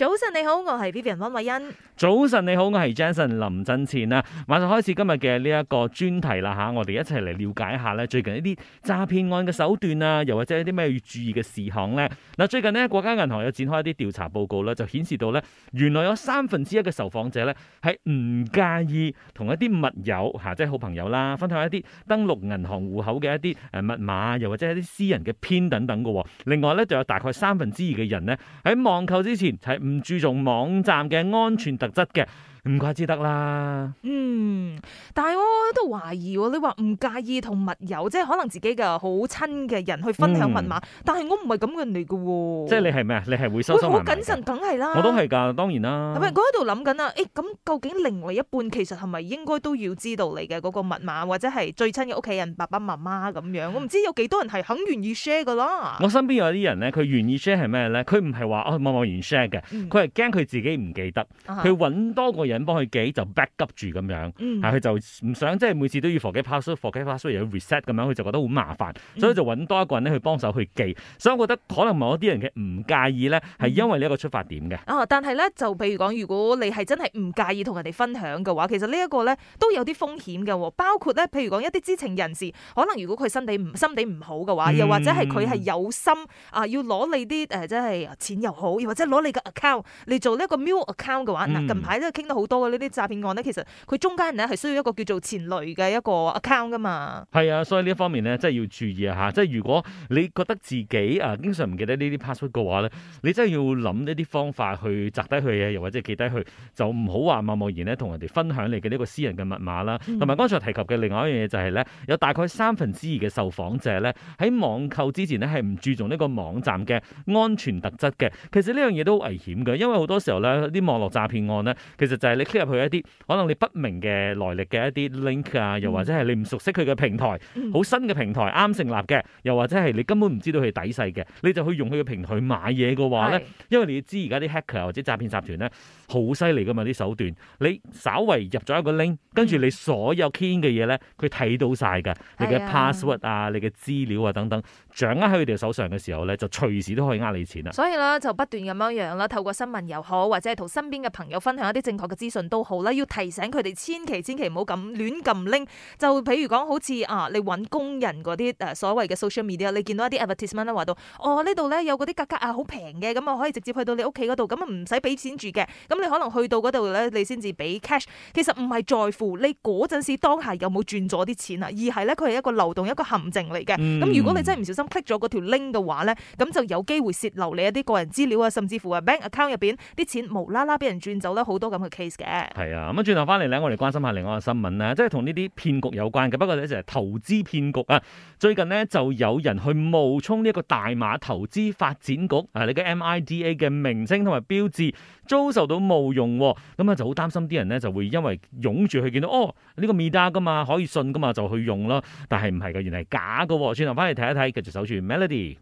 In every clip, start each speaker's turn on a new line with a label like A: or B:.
A: 早晨你好，我係 Vivian 溫慧欣。
B: 早晨你好，我係 Jason 林振前啊，馬上開始今日嘅呢一個專題啦吓，我哋一齊嚟了解一下咧最近一啲詐騙案嘅手段啊，又或者一啲咩要注意嘅事項咧。嗱，最近咧國家銀行有展開一啲調查報告咧，就顯示到咧，原來有三分之一嘅受訪者咧係唔介意同一啲密友吓，即係好朋友啦，分享一啲登錄銀行戶口嘅一啲誒密碼，又或者一啲私人嘅片等等嘅。另外咧，就有大概三分之二嘅人咧喺網購之前喺唔注重網站嘅安全特質嘅。唔怪之得啦。
A: 嗯，但係我喺度懷疑，你話唔介意同密友，即係可能自己嘅好親嘅人去分享密碼，嗯、但係我唔係咁嘅人嚟嘅。即係你
B: 係咩啊？你係會收收好謹
A: 慎，梗係啦。我都係
B: 噶，當然啦。係咪
A: 我喺度諗緊啊？誒、欸，咁究竟另外一半其實係咪應該都要知道你嘅嗰、嗰個密碼，或者係最親嘅屋企人爸爸媽媽咁樣？我唔知有幾多人係肯願意 share 噶啦。
B: 我身邊有啲人咧，佢願意 share 係咩咧？佢唔係話哦默默然 share 嘅，佢係驚佢自己唔記得，佢搵多個。人幫佢記就 back up 住咁樣，佢、嗯、就唔想即係每次都要 forget password，forget password 又要 reset 咁樣，佢就覺得好麻煩，所以就搵多一個人去幫手去記。嗯、所以我覺得可能某啲人嘅唔介意呢，係因為呢個個出發點嘅、嗯
A: 啊。但係呢，就譬如講，如果你係真係唔介意同人哋分享嘅話，其實呢一個呢都有啲風險嘅、哦，包括呢，譬如講一啲知情人士，可能如果佢心地唔心地唔好嘅話，又或者係佢係有心啊、呃、要攞你啲、呃、即係錢又好，又或者攞你嘅 account 你做呢個個 mule account 嘅話，嗱、嗯、近排都傾到。好多嘅呢啲詐騙案咧，其實佢中間人咧係需要一個叫做錢騾嘅一個 account 噶嘛。
B: 係啊，所以呢一方面咧，真係要注意啊吓，即係如果你覺得自己啊經常唔記得呢啲 password 嘅話咧，你真係要諗一啲方法去摘低佢嘅，又或者記低佢，就唔好話貿貿然咧同人哋分享你嘅呢個私人嘅密碼啦。同埋、嗯、剛才提及嘅另外一樣嘢就係、是、咧，有大概三分之二嘅受訪者咧喺網購之前咧係唔注重呢個網站嘅安全特質嘅。其實呢樣嘢都好危險嘅，因為好多時候咧啲網絡詐騙案咧其實就係你 click 入去一啲可能你不明嘅來歷嘅一啲 link 啊，又或者係你唔熟悉佢嘅平台，好新嘅平台啱成立嘅，又或者係你根本唔知道佢底細嘅，你就去用佢嘅平台去買嘢嘅話咧，是因為你要知而家啲 hacker 或者詐騙集團咧好犀利噶嘛啲手段，你稍微入咗一個 link，跟住你所有 key 嘅嘢咧，佢睇到晒㗎，嗯、你嘅 password 啊，啊你嘅資料啊等等。掌握喺佢哋手上嘅時候咧，就隨時都可以呃你錢啦。所
A: 以咧，就不斷咁樣樣啦，透過新聞又好，或者係同身邊嘅朋友分享一啲正確嘅資訊都好啦，要提醒佢哋千祈千祈唔好咁亂撳拎。就譬如講，好似啊，你揾工人嗰啲誒所謂嘅 social media，你見到一啲 advertisement 咧，話到哦呢度咧有嗰啲價格啊好平嘅，咁啊可以直接去到你屋企嗰度，咁啊唔使俾錢住嘅。咁你可能去到嗰度咧，你先至俾 cash。其實唔係在乎你嗰陣時當下有冇轉咗啲錢啊，而係咧佢係一個漏洞一個陷阱嚟嘅。咁如果你真係唔小心，咁 click 咗嗰條 link 嘅話咧，咁就有機會洩漏你一啲個人資料啊，甚至乎啊 bank account 入邊啲錢無啦啦俾人轉走啦，好多咁嘅 case 嘅。
B: 係啊，咁啊轉頭翻嚟咧，我哋關心一下另外嘅新聞啊，即係同呢啲騙局有關嘅，不過咧就係投資騙局啊。最近咧就有人去冒充呢一個大馬投資發展局啊，呢個 MIDA 嘅名稱同埋標誌遭受到冒用，咁啊就好擔心啲人咧就會因為湧住去見到哦呢、這個 MIDA 噶嘛，可以信噶嘛就去用囉。但係唔係嘅，原來係假嘅，轉頭翻嚟睇一睇，繼續守住 Melody。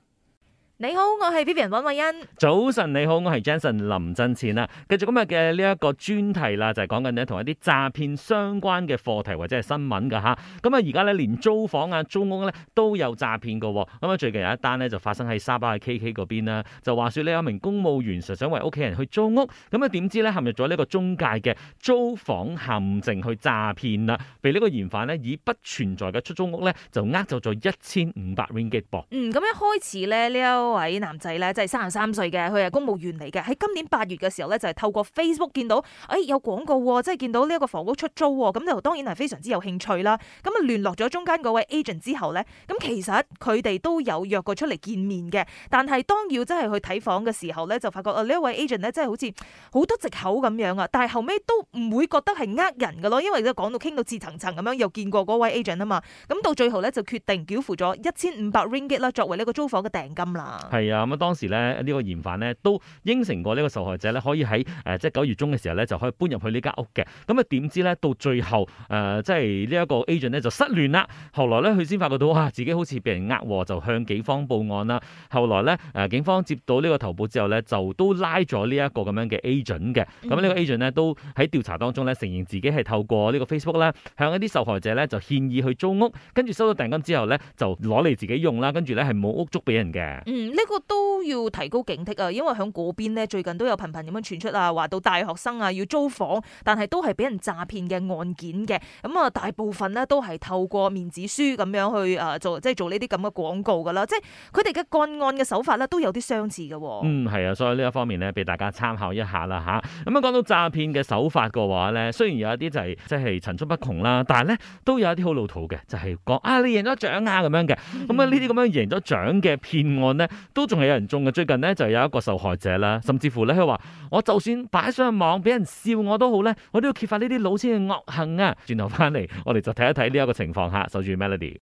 A: 你好，我係 Vivian 温慧欣。
B: 早晨，你好，我係 Jensen 林振前啦。繼續今日嘅呢一個專題啦，就係講緊咧同一啲詐騙相關嘅課題或者係新聞噶吓。咁啊，而家咧連租房啊、租屋咧都有詐騙噶。咁啊，最近有一單咧就發生喺沙巴嘅 K K 嗰邊啦，就話說呢，有一名公務員實想為屋企人去租屋，咁啊點知咧陷入咗呢個中介嘅租房陷阱去詐騙啦，被呢個嫌犯咧以不存在嘅出租屋咧就呃走咗一千五百 Ringgit 噃。
A: 嗯，咁一開始咧呢嗰位男仔咧，即係三十三歲嘅，佢係公務員嚟嘅。喺今年八月嘅時候咧，就係、是、透過 Facebook 見到，誒、哎、有廣告，即係見到呢一個房屋出租，咁就當然係非常之有興趣啦。咁啊聯絡咗中間嗰位 agent 之後咧，咁其實佢哋都有約過出嚟見面嘅。但係當要真係去睇房嘅時候咧，就發覺啊呢一位 agent 咧，真係好似好多藉口咁樣啊。這個、樣，但係後尾都唔會覺得係呃人噶咯，因為佢講到傾到似層層咁樣，又見過嗰位 agent 啊嘛。咁到最後咧就決定繳付咗一千五百 ringgit 啦，作為呢個租房嘅訂金啦。
B: 係啊，咁、嗯、啊當時咧呢、這個嫌犯咧都應承過呢個受害者咧可以喺誒、呃、即係九月中嘅時候咧就可以搬入去這、嗯、呢間屋嘅。咁啊點知咧到最後誒、呃、即係呢一個 agent 咧就失聯啦。後來咧佢先發覺到啊自己好似俾人呃喎，就向警方報案啦。後來咧誒、呃、警方接到呢個投報之後咧就都拉咗、嗯、呢一個咁樣嘅 agent 嘅。咁呢個 agent 咧都喺調查當中咧承認自己係透過這個呢個 Facebook 咧向一啲受害者咧就建議去租屋，跟住收到訂金之後咧就攞嚟自己用啦，跟住咧係冇屋租俾人嘅。嗯
A: 呢個都要提高警惕啊！因為喺嗰邊呢，最近都有頻頻咁樣傳出啊，話到大學生啊要租房，但係都係俾人詐騙嘅案件嘅。咁、嗯、啊，大部分呢都係透過面子書咁樣去、啊、做，即係做呢啲咁嘅廣告噶啦。即係佢哋嘅幹案嘅手法咧，都有啲相似嘅、哦。嗯，
B: 係啊，所以呢一方面呢，俾大家參考一下啦吓，咁啊，講到詐騙嘅手法嘅話咧，雖然有一啲就係即係層出不窮啦，但係咧都有一啲好老土嘅，就係講啊你贏咗獎啊咁樣嘅。咁啊，啊嗯、呢啲咁樣贏咗獎嘅騙案咧。都仲係有人中嘅，最近咧就有一個受害者啦，甚至乎咧佢話，我就算擺上網俾人笑我都好咧，我都要揭發呢啲老千嘅惡行啊！轉頭翻嚟，我哋就睇一睇呢一個情況下守住 Melody。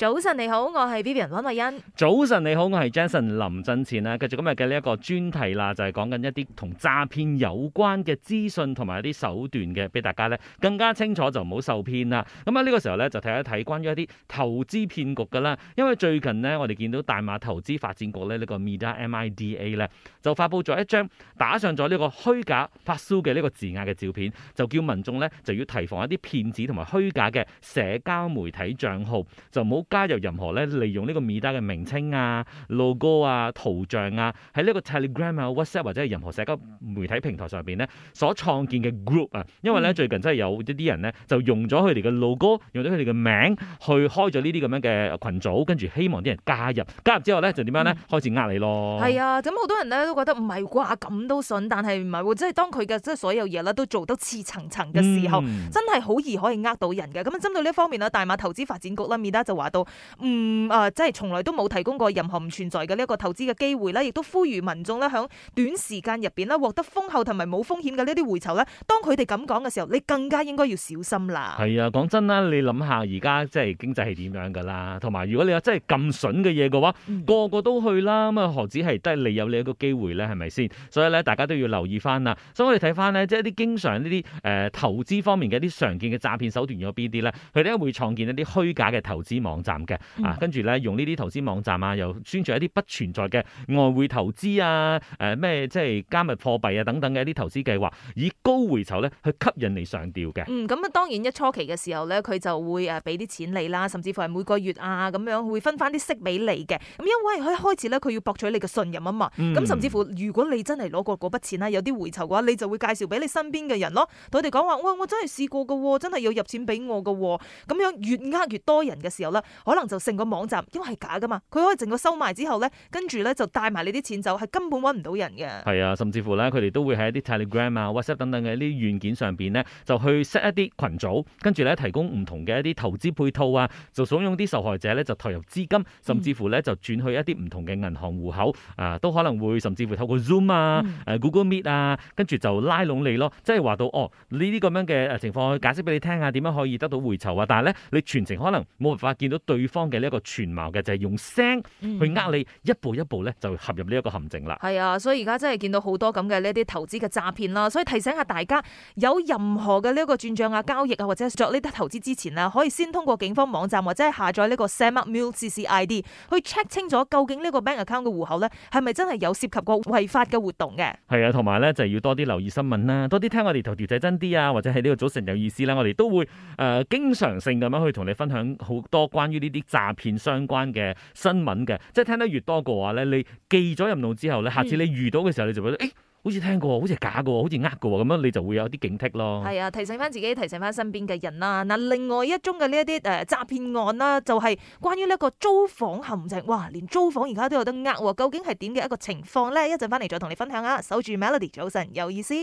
A: 早晨你好，我係 Vivian 溫慧欣。
B: 早晨你好，我係 Jason 林振前啊，繼續今日嘅呢一個專題啦，就係、是、講緊一啲同詐騙有關嘅資訊同埋一啲手段嘅，俾大家咧更加清楚就唔好受騙啦。咁啊呢個時候咧就睇一睇關於一啲投資騙局噶啦，因為最近咧我哋見到大馬投資發展局咧呢個 MIDA mida 咧就發布咗一張打上咗呢個虛假發蘇嘅呢個字眼嘅照片，就叫民眾咧就要提防一啲騙子同埋虛假嘅社交媒體賬號，就唔好。加入任何咧利用呢個米達嘅名稱啊、logo 啊、圖像啊，喺呢個 Telegram 啊、WhatsApp 或者係任何社交媒體平台上邊咧所創建嘅 group 啊，因為咧最近真係有一啲人咧就用咗佢哋嘅 logo，用咗佢哋嘅名去開咗呢啲咁樣嘅群組，跟住希望啲人加入，加入之後咧就點樣咧開始呃你咯。係
A: 啊，咁好多人咧都覺得唔係啩，咁都信，但係唔係，喎，即係當佢嘅即係所有嘢啦都做得似層層嘅時候，嗯，真係好易可以呃到人嘅。咁針對呢方面啊，大馬投資發展局啦，米達就話。度唔啊，即係從來都冇提供過任何唔存在嘅呢一個投資嘅機會啦，亦都呼籲民眾咧響短時間入邊咧獲得豐厚同埋冇風險嘅呢啲回酬咧，當佢哋咁講嘅時候，你更加應該要小心啦。係
B: 啊，講真啦，你諗下而家即係經濟係點樣噶啦，同埋如果你話真係咁筍嘅嘢嘅話，嗯、個個都去啦，咁啊何止係得你有你一個機會咧？係咪先？所以咧，大家都要留意翻啦。所以我哋睇翻咧，即係啲經常呢啲誒投資方面嘅一啲常見嘅詐騙手段有邊啲咧？佢哋會創建一啲虛假嘅投資網。站嘅、嗯、啊，跟住咧用呢啲投資網站啊，又宣傳一啲不存在嘅外匯投資啊，誒咩即係加密貨幣啊等等嘅一啲投資計劃，以高回酬咧去吸引你上釣嘅。嗯，
A: 咁啊當然一初期嘅時候咧，佢就會誒俾啲錢你啦，甚至乎係每個月啊咁樣會分翻啲息俾你嘅。咁因為佢一開始咧，佢要博取你嘅信任啊嘛。咁甚至乎如果你真係攞過嗰筆錢啦，有啲回酬嘅話，你就會介紹俾你身邊嘅人咯，佢哋講話，哇，我我真係試過噶、哦，真係有入錢俾我噶、哦，咁樣越呃越多人嘅時候咧。可能就成個網站，因為係假噶嘛，佢可以整個收埋之後咧，跟住咧就帶埋你啲錢走，係根本揾唔到人嘅。
B: 係啊，甚至乎咧，佢哋都會喺一啲 Telegram 啊、WhatsApp 等等嘅呢啲軟件上面咧，就去 set 一啲群組，跟住咧提供唔同嘅一啲投資配套啊，就慫恿啲受害者咧就投入資金，甚至乎咧就轉去一啲唔同嘅銀行戶口啊，都可能會甚至乎透過 Zoom 啊、嗯、啊、Google Meet 啊，跟住就拉攏你咯。即係話到哦，呢啲咁樣嘅誒情況，去解釋俾你聽啊，點樣可以得到回酬啊？但係咧，你全程可能冇辦法見到。對方嘅呢一個全貌嘅就係、是、用聲去呃你，一步一步咧就陷入呢一個陷阱啦。
A: 係、嗯、啊，所以而家真係見到好多咁嘅呢啲投資嘅詐騙啦，所以提醒下大家，有任何嘅呢一個轉賬啊、交易啊，或者作呢啲投資之前啊，可以先通過警方網站或者係下載呢個 s a m m u p m u l s i i d 去 check 清楚究竟呢個 bank account 嘅戶口咧係咪真係有涉及過違法嘅活動嘅。
B: 係啊，同埋咧就係、是、要多啲留意新聞啦，多啲聽我哋頭條仔真啲啊，或者係呢個早晨有意思咧，我哋都會誒、呃、經常性咁樣去同你分享好多關關於呢啲詐騙相關嘅新聞嘅，即係聽得越多嘅話咧，你記咗入腦之後咧，下次你遇到嘅時候，嗯、你就會覺得誒、欸，好似聽過，好似係假嘅，好似呃嘅咁樣，你就會有啲警惕咯。係
A: 啊，提醒翻自己，提醒翻身邊嘅人啦。嗱，另外一宗嘅呢一啲誒詐騙案啦，就係、是、關於呢個租房陷阱。哇，連租房而家都有得呃，究竟係點嘅一個情況咧？一陣翻嚟，再同你分享下。守住 Melody 早晨，有意思。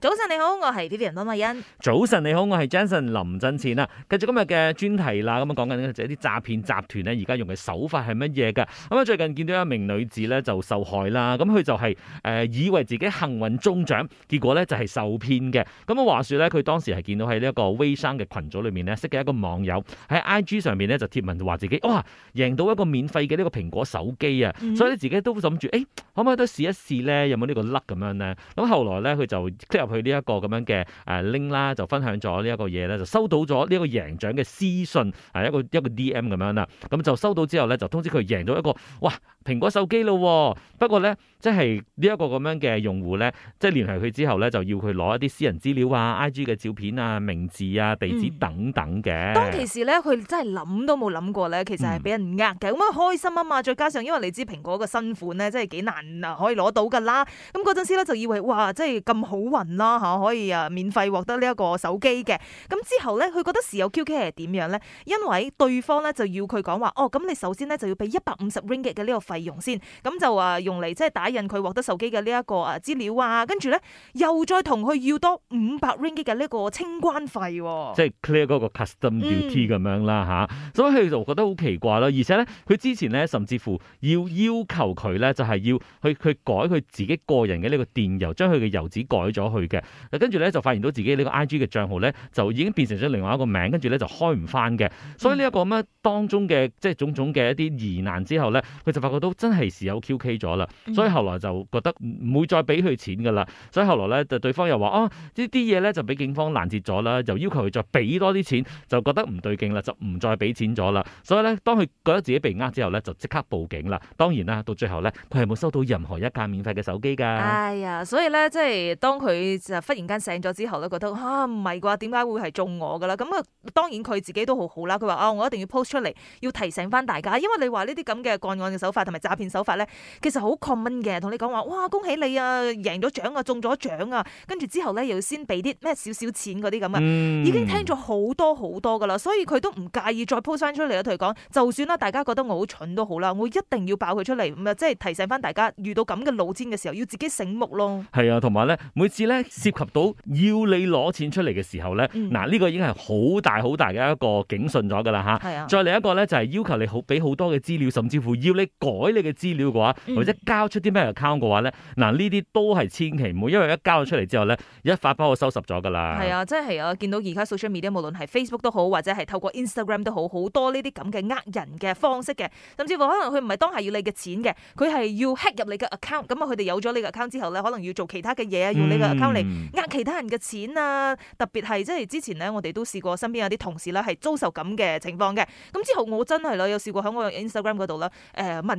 A: 早晨你好，我係呢 P 人。多慧欣。
B: 早晨你好，我係 Jensen 林振前啊。繼續今日嘅專題啦，咁樣講緊就一啲詐騙集團咧，而家用嘅手法係乜嘢嘅？咁啊，最近見到一名女子咧就受害啦，咁佢就係誒以為自己幸運中獎，結果咧就係受騙嘅。咁樣話說咧，佢當時係見到喺呢一個微商嘅群組裏面咧識嘅一個網友喺 I G 上面咧就貼文話自己哇贏到一個免費嘅呢個蘋果手機啊，所以咧自己都諗住誒可唔可以都試一試咧，有冇呢個 luck 咁樣咧？咁後來咧佢就佢呢一個咁樣嘅誒 link 啦，就分享咗呢一個嘢咧，就收到咗呢個贏獎嘅私信，係一個一個 DM 咁樣啦。咁就收到之後咧，就通知佢贏咗一個哇，蘋果手機咯、哦，不過咧，即係呢一個咁樣嘅用戶咧，即係聯繫佢之後咧，就要佢攞一啲私人資料啊、IG 嘅照片啊、名字啊、地址等等嘅、嗯。當其
A: 時咧，佢真係諗都冇諗過咧，其實係俾人呃嘅。咁樣、嗯、開心啊嘛，再加上因為你知蘋果嘅新款咧，真係幾難啊可以攞到噶啦。咁嗰陣時咧就以為哇，即係咁好運啦、啊、可以啊免費獲得呢一個手機嘅。咁之後咧，佢覺得事有蹊蹺係點樣咧？因為對方咧就要佢講話，哦，咁你首先咧就要俾一百五十 ringgit 嘅呢個費。用先咁就話用嚟，即係打印佢獲得手機嘅呢一個啊資料啊，跟住咧又再同佢要多五百 ringgit 嘅呢個清關費，
B: 即係 clear 嗰個 custom duty 咁、嗯、樣啦吓，所以佢就覺得好奇怪啦，而且咧佢之前咧甚至乎要要求佢咧就係要去去改佢自己個人嘅呢個電郵，將佢嘅郵址改咗去嘅，跟住咧就發現到自己呢個 I G 嘅賬號咧就已經變成咗另外一個名，跟住咧就開唔翻嘅，所以呢一個咁樣當中嘅、嗯、即係種種嘅一啲疑難之後咧，佢就發覺。都真係事有蹊 k 咗啦，所以後來就覺得唔會再俾佢錢噶啦，所以後來咧就對方又話：哦，呢啲嘢咧就俾警方攔截咗啦，就要求佢再俾多啲錢，就覺得唔對勁啦，就唔再俾錢咗啦。所以咧，當佢覺得自己被呃之後咧，就即刻報警啦。當然啦，到最後咧，佢係冇收到任何一架免費嘅手機㗎。哎
A: 呀，所以咧，即係當佢就忽然間醒咗之後咧，覺得啊，唔係啩？點解會係中我㗎啦？咁啊，當然佢自己都好好啦。佢話：哦，我一定要 post 出嚟，要提醒翻大家，因為你話呢啲咁嘅案嘅手法。同埋詐騙手法咧，其實好 common 嘅。同你講話，哇，恭喜你啊，贏咗獎啊，中咗獎啊！跟住之後咧，又要先俾啲咩少少錢嗰啲咁啊，嗯、已經聽咗好多好多噶啦。所以佢都唔介意再 post 翻出嚟咯。同佢講，就算啦，大家覺得我很蠢好蠢都好啦，我一定要爆佢出嚟，唔即係提醒翻大家，遇到咁嘅老千嘅時候，要自己醒目咯。
B: 係啊，同埋咧，每次咧涉及到要你攞錢出嚟嘅時候咧，嗱呢、嗯、個已經係好大好大嘅一個警訊咗噶啦吓，啊、再嚟一個咧，就係、是、要求你好俾好多嘅資料，甚至乎要你個。改你嘅資料嘅話，或者交出啲咩 account 嘅話咧，嗱呢啲都係千祈唔好，因為一交咗出嚟之後咧，一發不可收拾咗噶啦。係啊，
A: 即係我見到而家 social media，無論係 Facebook 都好，或者係透過 Instagram 都好，好多呢啲咁嘅呃人嘅方式嘅，甚至乎可能佢唔係當下要你嘅錢嘅，佢係要 hack 入你嘅 account。咁啊，佢哋有咗你嘅 account 之後咧，可能要做其他嘅嘢，用你嘅 account 嚟呃其他人嘅錢啊。嗯、特別係即係之前咧，我哋都試過身邊有啲同事啦，係遭受咁嘅情況嘅。咁之後我真係啦，有試過喺我 Instagram 度啦，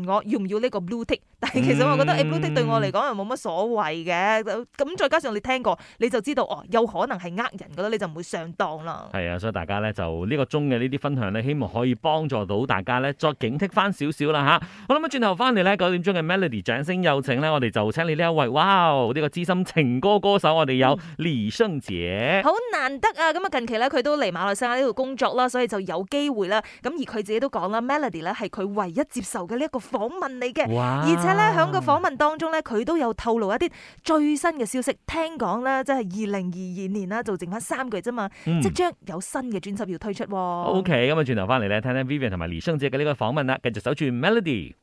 A: 我要唔要呢個 blue tick？但係其實我覺得誒 blue tick 對我嚟講又冇乜所謂嘅。咁、嗯、再加上你聽過，你就知道哦，有可能係呃人㗎啦，你就唔會上當啦。
B: 係啊，所以大家咧就呢個鐘嘅呢啲分享咧，希望可以幫助到大家咧，再警惕翻少少啦吓，好啦，咁轉頭翻嚟咧九點鐘嘅 Melody，掌聲有請咧，我哋就請你呢一位，哇！呢個資深情歌歌手，我哋有李聖傑。好
A: 難得啊！咁啊，近期咧佢都嚟馬來西亞呢度工作啦，所以就有機會啦。咁而佢自己都講啦，Melody 咧係佢唯一接受嘅呢一個。訪問嚟嘅。哇而且咧喺個訪問當中咧，佢都有透露一啲最新嘅消息。聽講咧，即係二零二二年啦,就剩翻三個月啫嘛，嗯、即將有新嘅專輯要推出。O K，
B: 咁啊，轉頭翻嚟咧，聽聽 Vivian 同埋李生姐嘅呢個訪問啦，繼續守住 Melody。